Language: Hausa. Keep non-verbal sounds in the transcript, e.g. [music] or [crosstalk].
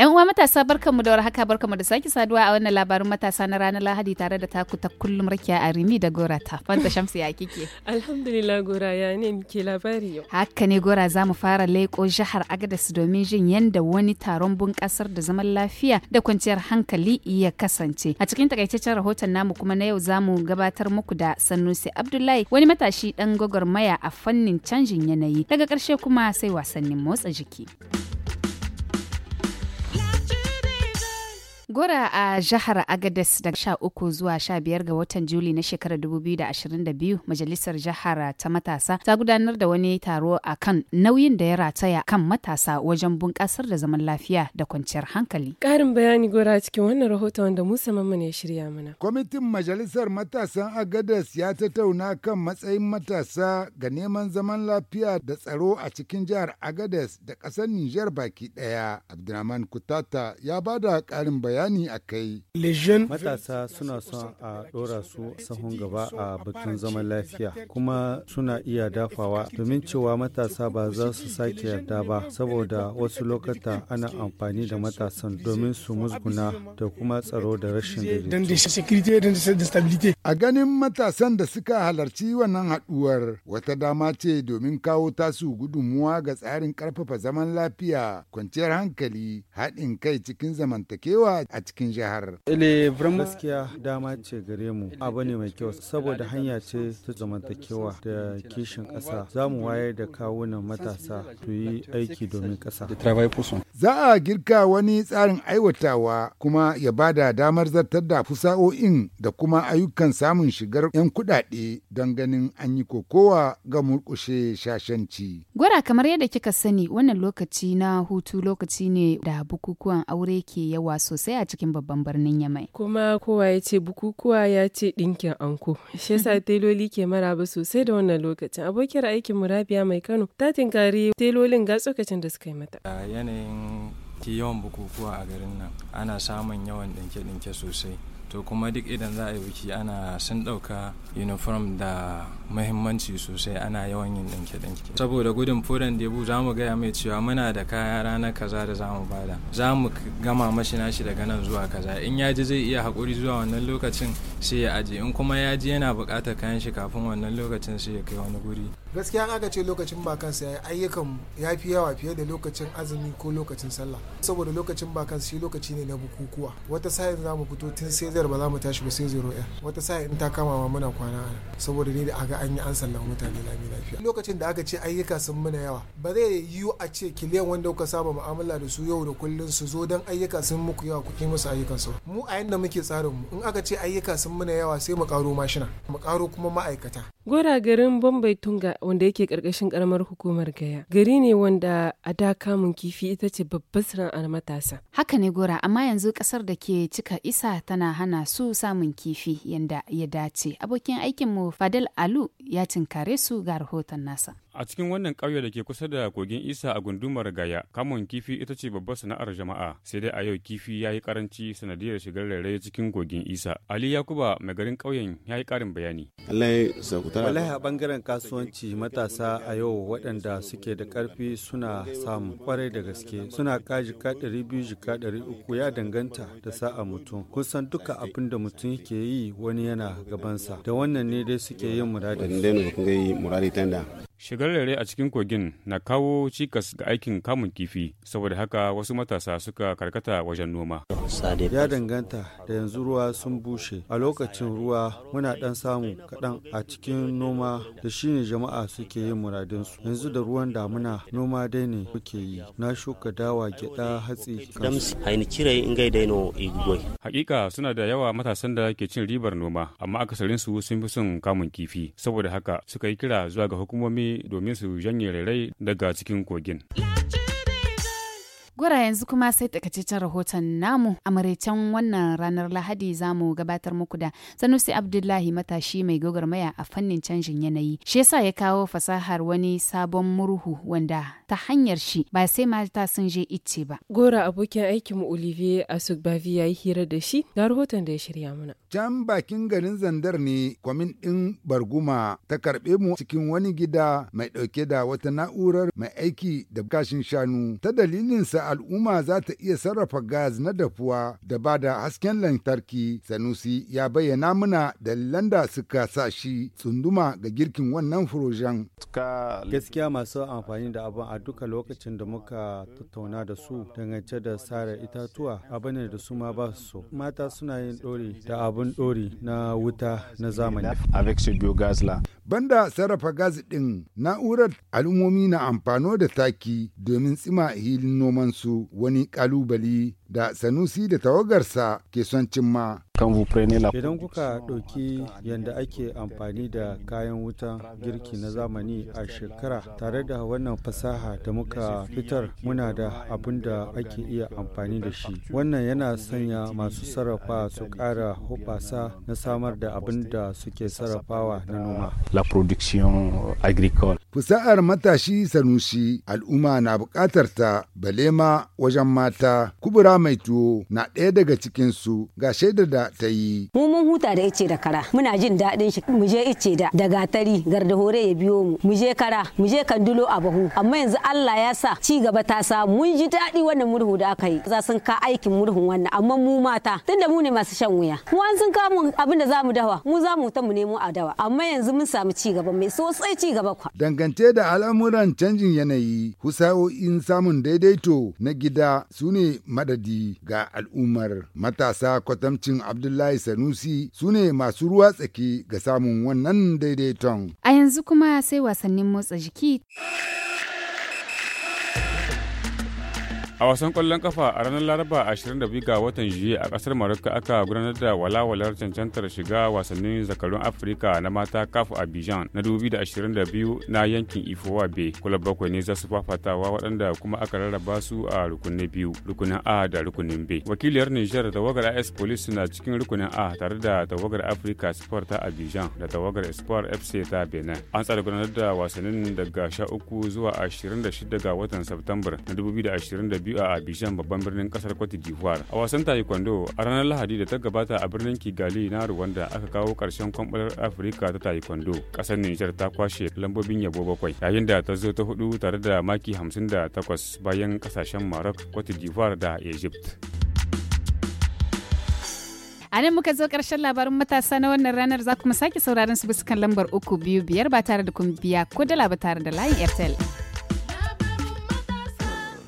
'Yan uwa matasa barkanmu da warhaka barkanmu da sake saduwa a wannan labarin matasa na ranar Lahadi tare da taku ta kullum Rakiya Arimi da Gora ta. Fanta Shamsu ya kike? [laughs] Alhamdulillah Gora ya ne muke labari yau. Haka ne Gora za mu fara laiko jihar Agadas domin jin yadda wani taron bunƙasar da zaman lafiya da kwanciyar hankali ya kasance. A cikin takaitaccen rahoton namu kuma na yau za mu gabatar muku da Sanusi Abdullahi wani matashi dan gwagwarmaya a fannin canjin yanayi. Daga karshe kuma sai wasannin motsa jiki. Gora a jihar Agadez daga sha uku zuwa sha biyar ga watan Juli na shekarar da biyu Majalisar Jihar ta Matasa ta gudanar da wani taro a kan nauyin da ya rataya kan matasa wajen bunƙasar da zaman lafiya da kwanciyar hankali. Karin bayani Gora cikin wannan rahoton wanda Musa Mamman ya shirya mana. Kwamitin Majalisar Matasan Agadez ya tattauna kan matsayin matasa ga neman zaman lafiya da tsaro a cikin jihar Agadez da ƙasar Nijar baki ɗaya. Abdulrahman Kutata ya ba da ƙarin bayani bayani a kai. Matasa suna son a ɗora su sahun gaba a batun zaman lafiya kuma suna iya dafawa domin cewa matasa ba za su sake yarda ba saboda wasu lokata ana amfani da matasan domin su musguna da kuma tsaro da rashin A ganin matasan da suka halarci wannan haɗuwar wata dama ce domin kawo tasu gudunmuwa ga tsarin ƙarfafa zaman lafiya kwanciyar hankali haɗin kai cikin zamantakewa a cikin jihar. Ile gaskiya dama ce gare mu abu ne mai kyau saboda hanya ce ta zamantakewa da kishin ƙasa za mu wayar da kawunan matasa su yi aiki domin ƙasa. Za a girka wani tsarin aiwatawa kuma ya ba da damar zartar da fusa'o'in da kuma ayyukan samun shigar 'yan kuɗaɗe don ganin an yi kokowa ga murƙushe shashanci. Gwara kamar yadda kika sani wannan lokaci na hutu lokaci ne da bukukuwan aure ke yawa sosai a cikin babban birnin Yamai. Kuma kowa ya ce bukukuwa ya ce ɗinkin anko. Shi yasa [laughs] teloli ke maraba sosai da wannan lokacin. Abokiyar aikin Murabiya mai Kano ta tinkari telolin ga tsokacin da suka yi mata. A yanayin yawan bukukuwa a garin nan ana samun yawan ɗinke-ɗinke sosai. to kuma duk idan za a yi biki ana sun ɗauka uniform da mahimmanci sosai ana yawan yin ɗinke ɗinke saboda gudun furen debu za mu gaya mai cewa muna da kaya ranar kaza da zamu bada zamu gama mashi nashi daga nan zuwa kaza in ya ji zai iya hakuri zuwa wannan lokacin sai ya aje in kuma ya ji yana buƙatar kayan shi kafin wannan lokacin sai ya kai wani guri gaskiya aka ce lokacin bakansa ya ayyukan ya fi yawa fiye da lokacin azumi ko lokacin sallah saboda lokacin bakan shi lokaci ne na bukukuwa wata sa'in za mu fito tun sai nijar ba za mu tashi ba sai zero ya wata sa'a in ta kama ma muna kwana saboda ni da aga an yi an sallama mutane lami lafiya lokacin da aka ce ayyuka sun muna yawa ba zai yiwu a ce kiliyan wanda kuka saba mu'amala da su yau da kullun su zo dan ayyuka sun muku yawa ku musu ayyukan su mu a yanda muke tsarin mu in aka ce ayyuka sun muna yawa sai mu karo mashina mu karo kuma ma'aikata gora garin bombay tunga wanda yake karkashin karamar hukumar gaya gari ne wanda a da kamun kifi ita ce babbar sana'ar matasa haka ne gora amma yanzu kasar da ke cika isa tana hana su samun kifi yadda ya dace. Abokin aikinmu Fadel Alu ya tinkare su ga rahoton nasa. A cikin wannan ƙauye da ke kusa da kogin Isa a gundumar Gaya, kamun kifi ita ce babbar sana'ar jama'a, sai dai a yau kifi ya yi karanci sanadiyar shigar rairaye cikin kogin Isa. Ali Yakuba mai garin ƙauyen ya yi ƙarin bayani. Wallahi a ɓangaren kasuwanci matasa a yau waɗanda suke da ƙarfi suna samu kwarai da gaske suna ka jika ɗari biyu jika ɗari uku ya danganta da sa'a mutum. Kun san duka abin da mutum yake yi wani yana gabansa da wannan ne dai suke yin muradi. Shigar rere a cikin kogin na kawo cikas ga aikin kamun kifi, saboda haka wasu matasa suka karkata wajen noma. Ya danganta da yanzu ruwa sun bushe. A lokacin ruwa muna dan samu kaɗan a cikin noma da shine jama'a suke yin muradinsu. Yanzu da ruwan damuna noma dai ne kuke yi. Na shuka dawa, gyada hatsi. Hakika suna da yawa matasan da ke cin ribar noma, amma akasarinsu sun fi son kamun kifi. Saboda haka suka yi kira zuwa ga hukumomi domin su janye rairai daga cikin kogin. Gwara yanzu kuma sai takaitaccen rahoton namu a maraicen wannan ranar Lahadi za mu gabatar muku da Sanusi Abdullahi matashi mai gogarmaya a fannin canjin yanayi. Shi yasa ya kawo fasahar wani sabon murhu wanda ta hanyar shi ba sai mata sun je icce ba. Gora abokin mu Olivier Asugbavi ya yi hira da shi ga rahoton da ya shirya mana. Can bakin garin Zandar ne kwamin ɗin Barguma ta karɓe mu cikin wani gida mai ɗauke da wata na'urar mai aiki da kashin shanu ta dalilin sa al'umma za ta iya sarrafa gas na dafuwa da ba da hasken lantarki sanusi ya bayyana muna dalilan da suka sa shi tsunduma ga girkin wannan furojen. gaskiya masu amfani da abin a duka lokacin da muka tattauna da su dangance da sare itatuwa abin ne da su ma ba su mata suna yin ɗori da abin ɗori na wuta na zamani banda sarrafa gas din na'urar al'ummomi na amfano da taki domin tsima hilin nomansu su wani kalubali da Sanusi da tawagarsa ke son cimma. Idan kuka ɗauki yadda ake amfani da kayan wutan girki na zamani a shekara tare da wannan fasaha da muka fitar muna da abin da ake iya amfani da shi. Wannan yana sanya masu sarrafa su ƙara hoɓasa na samar da abin da suke sarrafawa na noma. La production agricole. Fusa'ar matashi Sanusi al'umma na buƙatar ta balema wajen mata kubura mai tuwo na ɗaya daga cikinsu ga shaidar da ta yi. Mu mun huta da ice da kara muna jin daɗin shi mu je ice da da gatari hore ya biyo mu mu je kara mu je kandulo a bahu amma yanzu Allah ya sa ci gaba ta sa mun ji daɗi wannan murhu da aka yi za sun ka aikin murhun wannan amma mu mata tunda mu ne masu shan wuya mu an sun kamu abin da zamu dawa mu za mu ta mu nemo a dawa amma yanzu mun samu ci gaba mai sosai ci gaba kwa. Dangante da al'amuran canjin yanayi husa'o'in samun daidaito na gida su ne madadi tanadi ga al'ummar matasa kwatamcin abdullahi sanusi su ne masu ruwa tsaki ga samun wannan daidaiton a yanzu kuma sai wasannin motsa jiki A wasan kwallon kafa a ranar Laraba 22 ga watan Juye a kasar Morocco aka gudanar da walawalar cancantar shiga wasannin zakarun Afirka na mata a bijan na 2022 na yankin Ifowa Bay. Kulab bakwai ne za su fafatawa waɗanda kuma aka rarraba su a rukunin biyu, rukunin A da rukunin B. Wakiliyar Nijar tawagar AS Police suna cikin rukunin A tare da tawagar afirka Sport ta Abidjan da tawagar Sport FC ta Benin. An tsara gudanar da wasannin daga 13 zuwa 26 ga watan september na 2022 biyu a Abidjan babban birnin kasar Cote d'Ivoire. A wasan taekwondo a ranar Lahadi da ta gabata a birnin Kigali na Rwanda aka kawo ƙarshen kwamɓalar Afirka ta taekwondo. Ƙasar niger ta kwashe lambobin yabo bakwai yayin da ta zo ta hudu tare da maki da 58 bayan ƙasashen Maroc, Cote d'Ivoire da Egypt. A nan muka zo ƙarshen labarin matasa na wannan ranar za kuma sake sauraron su bisa kan lambar uku biyu biyar ba tare da kun biya ko dala ba tare da layin Airtel.